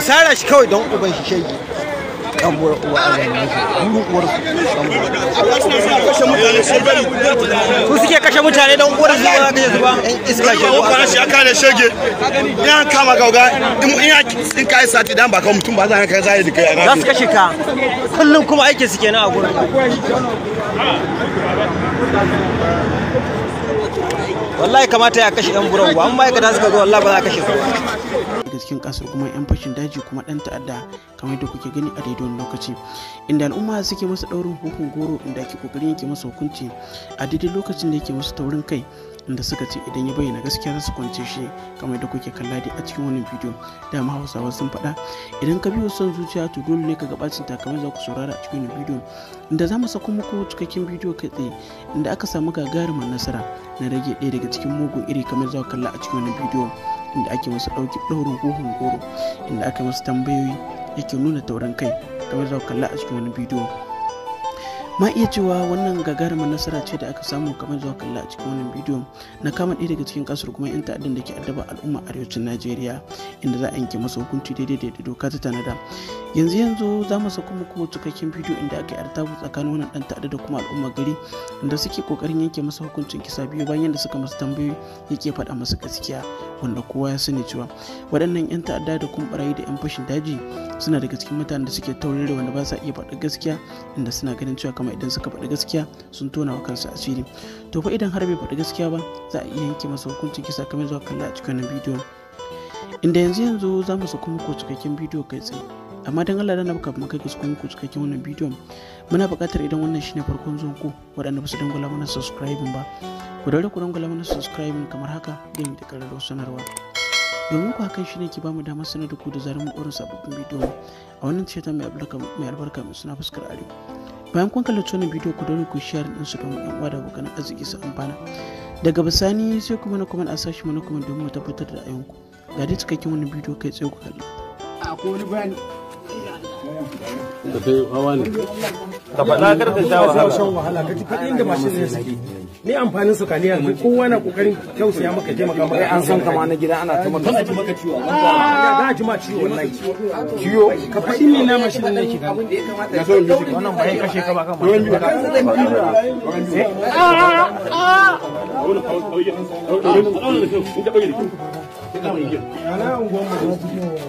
ku sara shi kawai don uban shi shege dan uwa a wannan burin uwar su suke kashe mutane don uwar su su ba iska shi ko ya kama gauga in ka mutum da a za su ka kullum kuma aike suke na a gurin wallahi kamata ya kashe yan amma suka zo wallahi ba za a kashe su daga cikin kasar kuma 'yan fashin daji kuma dan ta'adda kamar yadda kuke gani a daidai lokaci inda al'umma suke masa daurin hukun goro inda ake kokarin yake masa hukunci a daidai lokacin da yake masa taurin kai inda suka ce idan ya bayyana gaskiya za su kwance shi kamar yadda kuke kalla dai a cikin wannan bidiyo dama hausawa sun faɗa idan ka biyo son zuciya to dole ne ka ga bacin takamai za ku saurara a cikin bidiyo inda za mu sako muku cikakken bidiyo kai tsaye inda aka samu gagarumar nasara na rage ɗaya daga cikin mugun iri kamar za ku kalla a cikin wannan bidiyo inda ake masu ɗauki ɗaurin goro inda aka masu tambayoyi yake nuna taurin kai kamar da kalla a cikin wani bidiyo ma iya cewa wannan gagarumar nasara ce da aka samu kamar zuwa kalla a cikin wannan bidiyo na kama ɗaya daga cikin kasar kuma yan ta'addan da ke addaba al'umma arewacin najeriya inda za a yanke masa hukunci daidai da doka ta tanada yanzu yanzu za mu sako muku cikakken bidiyo inda aka yi artabu tsakanin wannan dan ta'adda da kuma al'umma gari inda suke kokarin yanke masa hukuncin kisa biyu bayan yadda suka masa tambayoyi yake faɗa masa gaskiya wanda kowa ya sani cewa waɗannan 'yan ta'adda da kuma barayi da 'yan fashin daji suna daga cikin mutanen da suke taurare wanda ba sa iya faɗa gaskiya inda suna ganin cewa kamar idan suka faɗi gaskiya sun tona wa kansu asiri to fa idan har bai faɗi gaskiya ba za a iya yanke masa hukuncin kisa kamar zuwa kalla a cikin wannan bidiyon inda yanzu yanzu za mu sako muku cikakken bidiyo kai tsaye amma don Allah dana baka maka kuskun ku cikakken wannan bidiyon muna buƙatar idan wannan shine farkon zuwan ku waɗanda ba su dangula mana subscribe ba ku daure ku dangula mana subscribe kamar haka da mu da ƙararrawar sanarwa domin ku hakan shine ke bamu damar sanar da ku da zarar mu ɗora sababbin bidiyo a wannan ta mai albarka mai suna fuskar ari bayan kun kalli wannan bidiyo ku daure ku share din su don yan uwa da abokan arziki su amfana daga bisani sai kuma na kuma a sashi mana kuma domin mu tabbatar da ayyukan ga dai cikakken wannan bidiyo kai tsaye ku kalli ka kai hawa ne ka ka wahala ka ji faɗi inda mashin ne suke ni amfanin su kaliya ne kowa na kokarin tausaya maka taimaka maka an san kama na gida ana tuma kana ji maka ciwo za ji ma ciwo wallahi ciwo ka faɗi ni na mashin ne ke gani ya yi wannan ba kashe ka ba kan A ka ana unguwan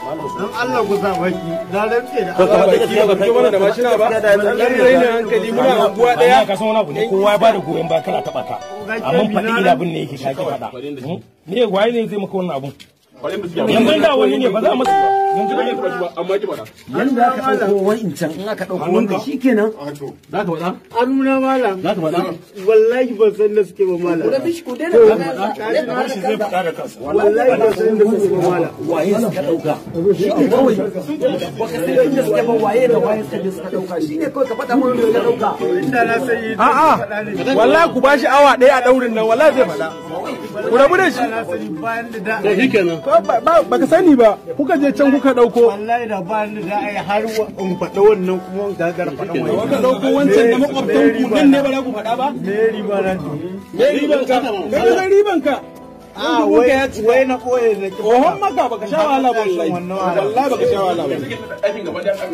don Allah ku sa baki na rantse da Allah baki ba fito mana da mashina ba dan raina hankali muna daya ka san wani abu ne kowa ba da goyon ba kana taba ka amma faɗi ina bin ne yake kake fada ne waye ne zai maka wannan abun yanzu da a da yanda aka ɗauko wa'incan in aka ɗauko wannan shikenan za ka faɗa aruna malam za ka faɗa wallahi ban san da suke ba malam ku da fishi ku daina faɗa da shi zai faɗa da kansa wallahi ban san da suke ba malam waye suka ɗauka shi ne kawai ba ka san inda suke ba waye da waye suka suka ɗauka shi ne kawai ka faɗa mun da ɗauka inda na sai a'a wallahi ku shi awa ɗaya a ɗaurin nan wallahi zai faɗa ku bude shi da shi kenan ba ka sani ba kuka je can kuka dauko wallahi da ba ni da ai har in faɗa wannan kuma gagar faɗa wannan kuka dauko wancan da makwabtan ku din ne ba za ku faɗa ba me riba na me Riba ka me riban ka Ah, wai na koye da ke. Ohon maka baka sha wala ba wallahi. Wallahi baka sha wala ba.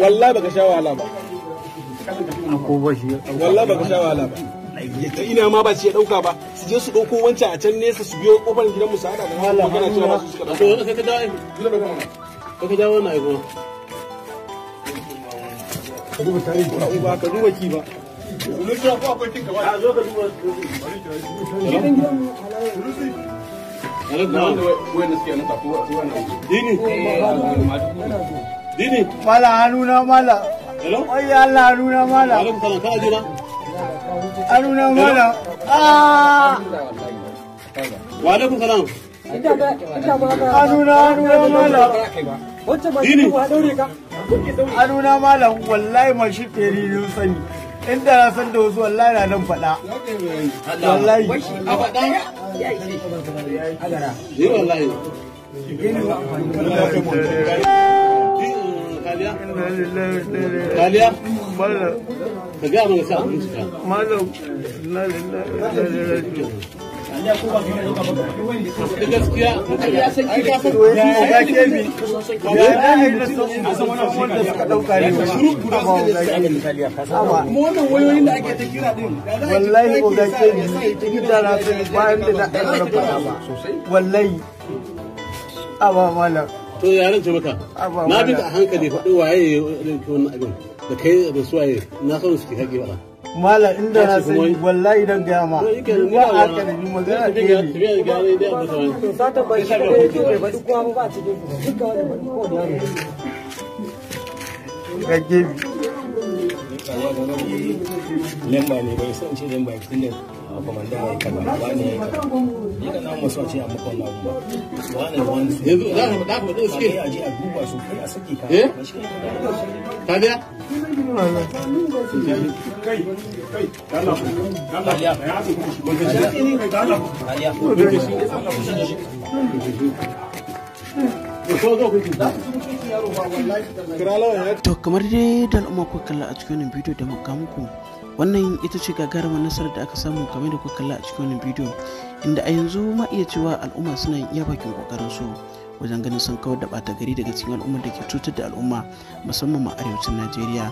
Wallahi baka sha wala ba. Ko ba shi. Wallahi baka sha wala ba. ta ina ma ba ce ya dauka ba su je su dauko wancan a can nesa su biyo kofar gidan mu su ko akwai A Gidan gidan suke nan wannan. Dini. Eh, Dini. Mala mala. Hello? Wai Allah hannu mala. Haruna mala. Ah. Wa alaikum salam. Haruna haruna mala. Wacce ba shi ba daure ka. Haruna mala wallahi ma shi feri ne sani. Inda na san da wasu wallahi na nan faɗa. Wallahi. A faɗa. Ni wallahi. Kaliya? Kaliya? Kaliya? ka sa abin na to yaran ce maka na bi hankali faɗi waye ya wannan abin da kai da suwaye na san su kake ba mala inda na sai wallahi dan ga ma ba a kana ni magana ke ni to ta bai shi ne ba duk kuma ba cikin duka wani ba ko da ta gibi lamba ne bai san ce lamba kullum a kwamandan mai kaza ba ne ni ka masu ce a makon na ba ba wani yanzu za ka faɗa ka faɗa suke a je a duba su kai a saki ka eh? ka To kamar dai da al'umma kuka kalla a cikin wannan bidiyo da muka muku wannan ita ce gagarumar nasarar da aka samu kamar da kuka kalla a cikin wannan bidiyo inda a yanzu ma iya cewa al'umma suna yin iya bakin kokarin su wajen ganin sun kawar da ɓata gari daga cikin al'ummar da ke cutar da al'umma musamman ma arewacin najeriya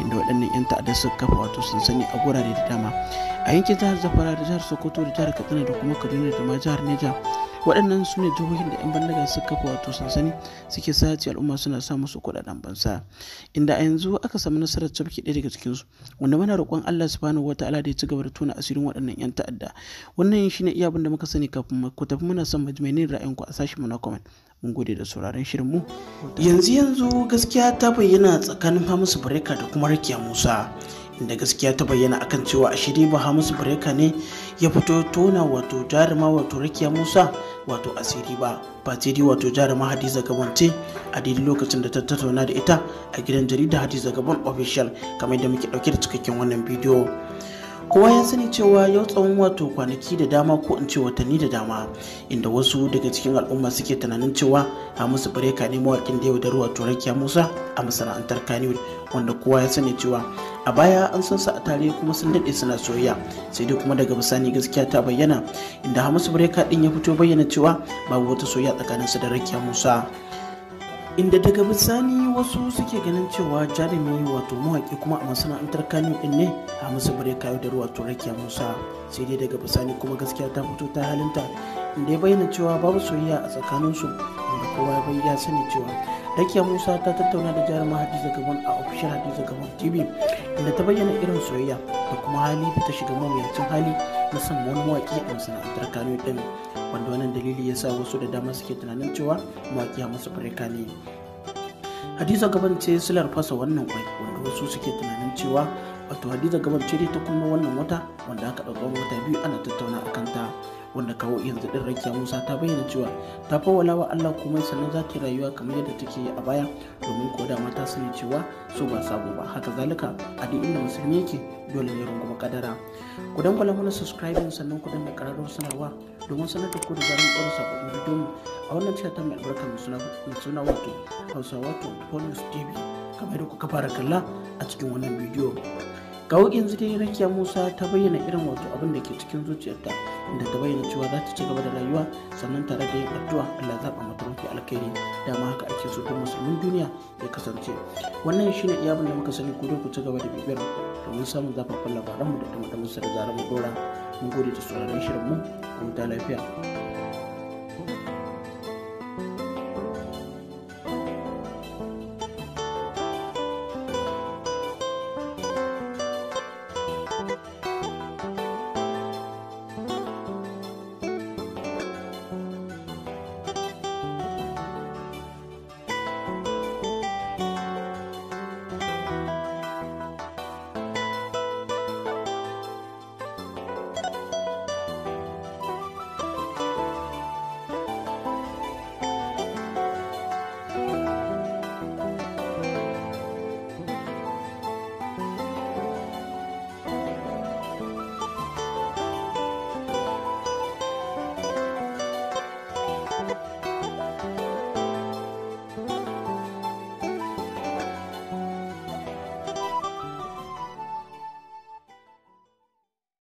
inda waɗannan 'yan ta'adda suka kafa wato sun sani a gurare da dama a yankin jihar zafara da jihar sokoto da jihar katsina da kuma kaduna da ma jihar Niger. waɗannan su ne jihohin da 'yan bandaga suka kafa wato sansani suke sace al'umma suna sa musu kuɗaɗen bansa inda a yanzu aka samu nasarar cafke ɗaya daga cikinsu wanda muna roƙon Allah subhanahu wa ta'ala da ya ci gaba da tona asirin waɗannan 'yan ta'adda wannan shine iya abin da muka sani kafin ku tafi muna son majmenin ku a sashen mu na kwamen mun gode da sauraron shirin mu yanzu yanzu gaskiya ta bayyana tsakanin Hamisu Bareka da kuma Rakiya Musa inda gaskiya ta bayyana akan cewa a shirye ba hamisu breka ne ya fito tona wato jaruma wato rakiya musa wato asiri ba ba dai wato jaruma hadiza gabon ce a daidai lokacin da ta tattauna da ita a gidan jarida hadiza gabon official kamar da muke dauke da cikakken wannan bidiyo kowa ya sani cewa yau tsawon wato kwanaki da dama ko in ce watanni da dama inda wasu daga cikin al'umma suke tunanin cewa hamisu bireka ne mawakin da yau da ruwa turakiya musa a masana'antar kaniwood wanda kowa ya sani cewa a baya an san su a tare kuma sun daɗe suna soyayya sai dai kuma daga bisani gaskiya ta bayyana inda hamisu bireka ɗin ya fito bayyana cewa babu wata soyayya su da rakiya musa inda daga bisani wasu suke ganin cewa jarumi wato mawaƙi kuma a masana'antar kanu din ne a musu bare kayo da wato rakiya musa sai dai daga bisani kuma gaskiya ta fito ta halinta inda ya bayyana cewa babu soyayya a tsakaninsu inda kowa ya sani cewa rakiya musa ta tattauna da jaruma hadiza gaban a ofishin hadiza gaban tv inda ta bayyana irin soyayya da kuma hali da ta shiga mawuyacin hali na san wani mawaƙi a masana'antar kano din wanda wannan dalili ya sa wasu da dama suke tunanin cewa mawaƙi a musu bare ne hadiza gaban ce silar fasa wannan kwai wanda wasu suke tunanin cewa wato hadiza gaban ce ta kuma wannan wata wanda aka ɗauka wata biyu ana tattauna akan ta wanda kawo yanzu din rakiya musa ta bayyana cewa ta fawala wa allah komai sannan za ta rayuwa kamar yadda take yi a baya domin ko da mata sani cewa su ba sabo ba haka zalika a duk inda musulmi yake dole ne runguma kadara ku dangwala mana subscribe sannan ku danna kararrawar sanarwa domin sanar da ku da zaran ɗora sababbin bidiyo mu a wannan cikin ta mai albarka mai suna wato hausa wato bonus tv kamar yadda kuka fara kalla a cikin wannan bidiyo kawai yanzu dai rakiya musa ta bayyana irin wato abin da ke cikin zuciyarta inda ta bayyana cewa za ta ci gaba da rayuwa sannan tare da yin addu'a allah zaɓa mata mafi alkhairi dama haka ake so don musulmin duniya ya kasance wannan shine iya iyabin da muka sani ku ku ci gaba da bibiyar domin samun zafafan labaranmu da dama da musa da zarar mu dora mun gode da sauraron shirin mu mu ta lafiya